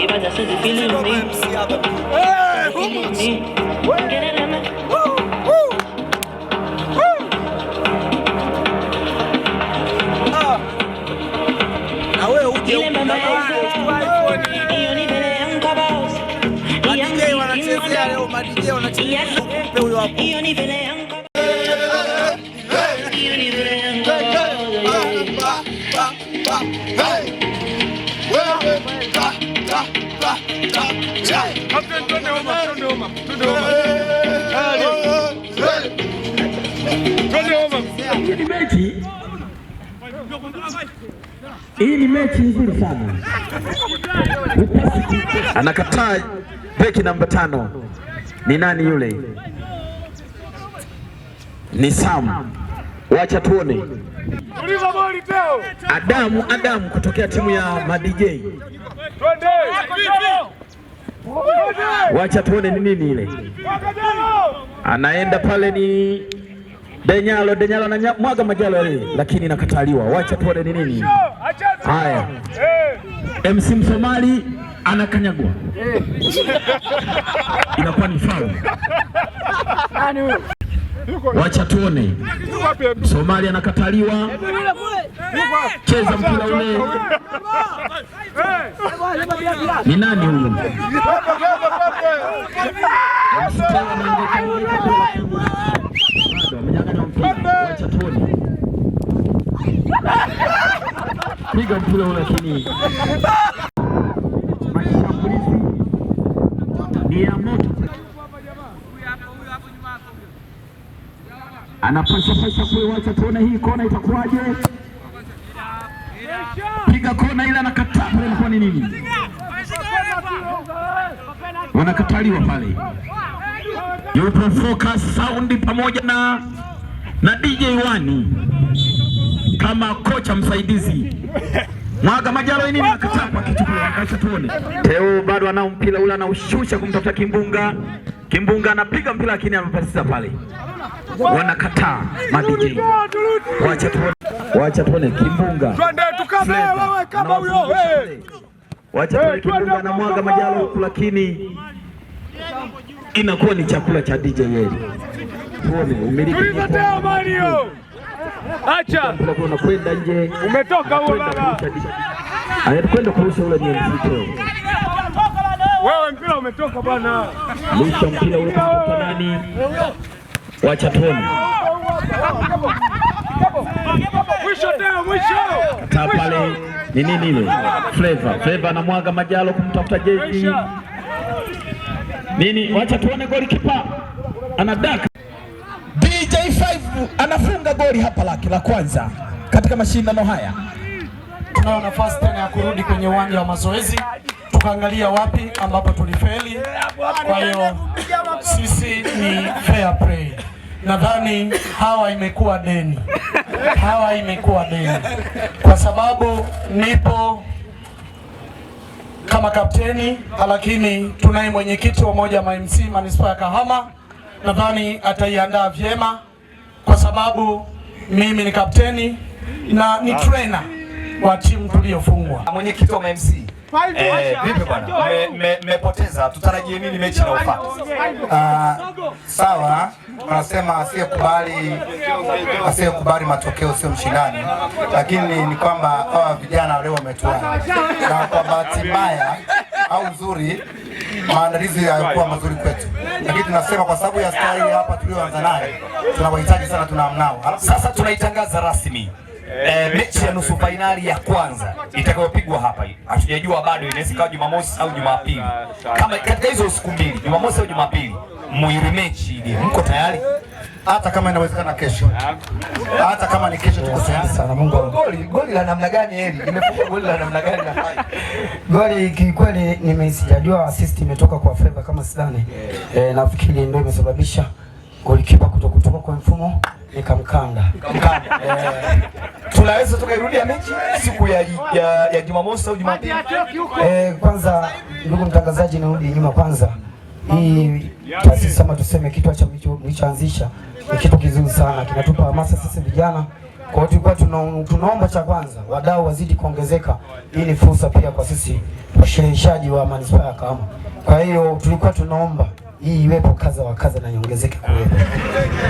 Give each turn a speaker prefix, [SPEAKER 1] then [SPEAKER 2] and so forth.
[SPEAKER 1] Even just ah. you feeling
[SPEAKER 2] me. Hey, me. Get it Hey!
[SPEAKER 3] Hii ni mechi, nzuri sana. Anakataa beki namba tano. Ni nani yule? Ni Sam. Wacha tuone Adamu, Adamu kutokea timu ya madijei. Wacha tuone ni nini ile. Anaenda pale ni Denyalo, Denyalo na mwaga majalo yale, lakini nakataliwa. Wacha tuone ni nini. Haya, MC Msomali anakanyagwa, eh. inakuwa ni faul wacha tuone. Somalia anakataliwa, cheza mpira ule. Ni nani huyo? piga mpira ule, lakini mashambulizi ni ya moto. anapasha pasha kule, wacha tuone hii kona itakuwaje. Piga kona ile, anakataa pale, ilikuwa ni nini? Wanakataliwa pale. Yupo focus sound pamoja na na DJ Wani kama kocha msaidizi mwaga majalo nini, akachapa kitu kwa acha tuone. Teo bado anao mpira ule, anaushusha kumtafuta Kimbunga. Kimbunga anapiga mpira lakini amepasisa pale wanakataa madiji. Wacha tuone, wacha tuone kimbunga.
[SPEAKER 2] Twende tukabe wewe kama huyo wewe.
[SPEAKER 3] Wacha tuone kimbunga na mwaga majalo huku, lakini inakuwa ni chakula cha DJ yeye. Tuone umiliki
[SPEAKER 2] hiyo. Acha.
[SPEAKER 3] Unakwenda nje.
[SPEAKER 2] Umetoka huo baba.
[SPEAKER 3] Anakwenda kurusha ule ni mzito.
[SPEAKER 2] Wewe mpira umetoka bwana.
[SPEAKER 3] Mwisho mpira ule kwa nani? wa Chatoni. Hata pale ni nini ile flavor flavor, na mwaga majalo kumtafuta Jeji nini, wacha tuone goli. Kipa anadaka DJ5 anafunga goli hapa lake la kwanza katika mashindano haya.
[SPEAKER 4] Tunayo nafasi tena ya kurudi kwenye uwanja wa mazoezi tukaangalia wapi ambapo tulifeli, kwa hiyo sisi ni fair play. Nadhani hawa imekuwa deni, hawa imekuwa deni, kwa sababu nipo kama kapteni, lakini tunaye mwenyekiti wa moja MC manispaa ya Kahama. Nadhani ataiandaa vyema, kwa sababu mimi ni kapteni na ni trainer wa timu tuliyofungwa.
[SPEAKER 5] Mwenyekiti wa MC Eh, vipi mmepoteza, tutarajie nini mechi
[SPEAKER 6] inayofuata? Sawa, anasema asiyekubali asiyekubali matokeo sio mshindani, lakini ni kwamba hawa vijana leo wametuana, na kwa bahati mbaya au nzuri maandalizi hayakuwa mazuri kwetu, lakini tunasema kwa sababu ya stari hapa tulioanza naye tunawahitaji sana, tunaamnao. Sasa tunaitangaza rasmi Eh, eh, mechi ya nusu fainali ya kwanza itakayopigwa hapa, hatujajua bado, inaweza kuwa Jumamosi au Jumapili. Kama katika hizo siku mbili, Jumamosi au Jumapili, muhiri mechi ile, mko tayari? Hata kama inawezekana kesho, hata kama ni kesho, tuko tayari sana. Mungu wangu, goli goli
[SPEAKER 7] la namna gani eh? hili imefunga goli la namna gani na goli kikweli, nimesijajua assist imetoka kwa Favor kama sidhani, eh, nafikiri ndio imesababisha goli kipa mfumo nikamkanda eh, tunaweza tukairudia mechi siku ya, ya, ya Jumamosi au Jumapili. Eh, kwanza ndugu mtangazaji, nirudi nyuma kwanza. Hii taasisi ama tuseme kitu cha mlichoanzisha ni kitu kizuri sana, kinatupa hamasa sisi vijana. Kwa hiyo tulikuwa tunaomba cha kwanza wadau wazidi kuongezeka. Hii ni fursa pia kwa sisi washereheshaji wa manispaa ya Kahama. Kwa hiyo tulikuwa tunaomba hii iwepo kaza wa kaza na iongezeke kuwepo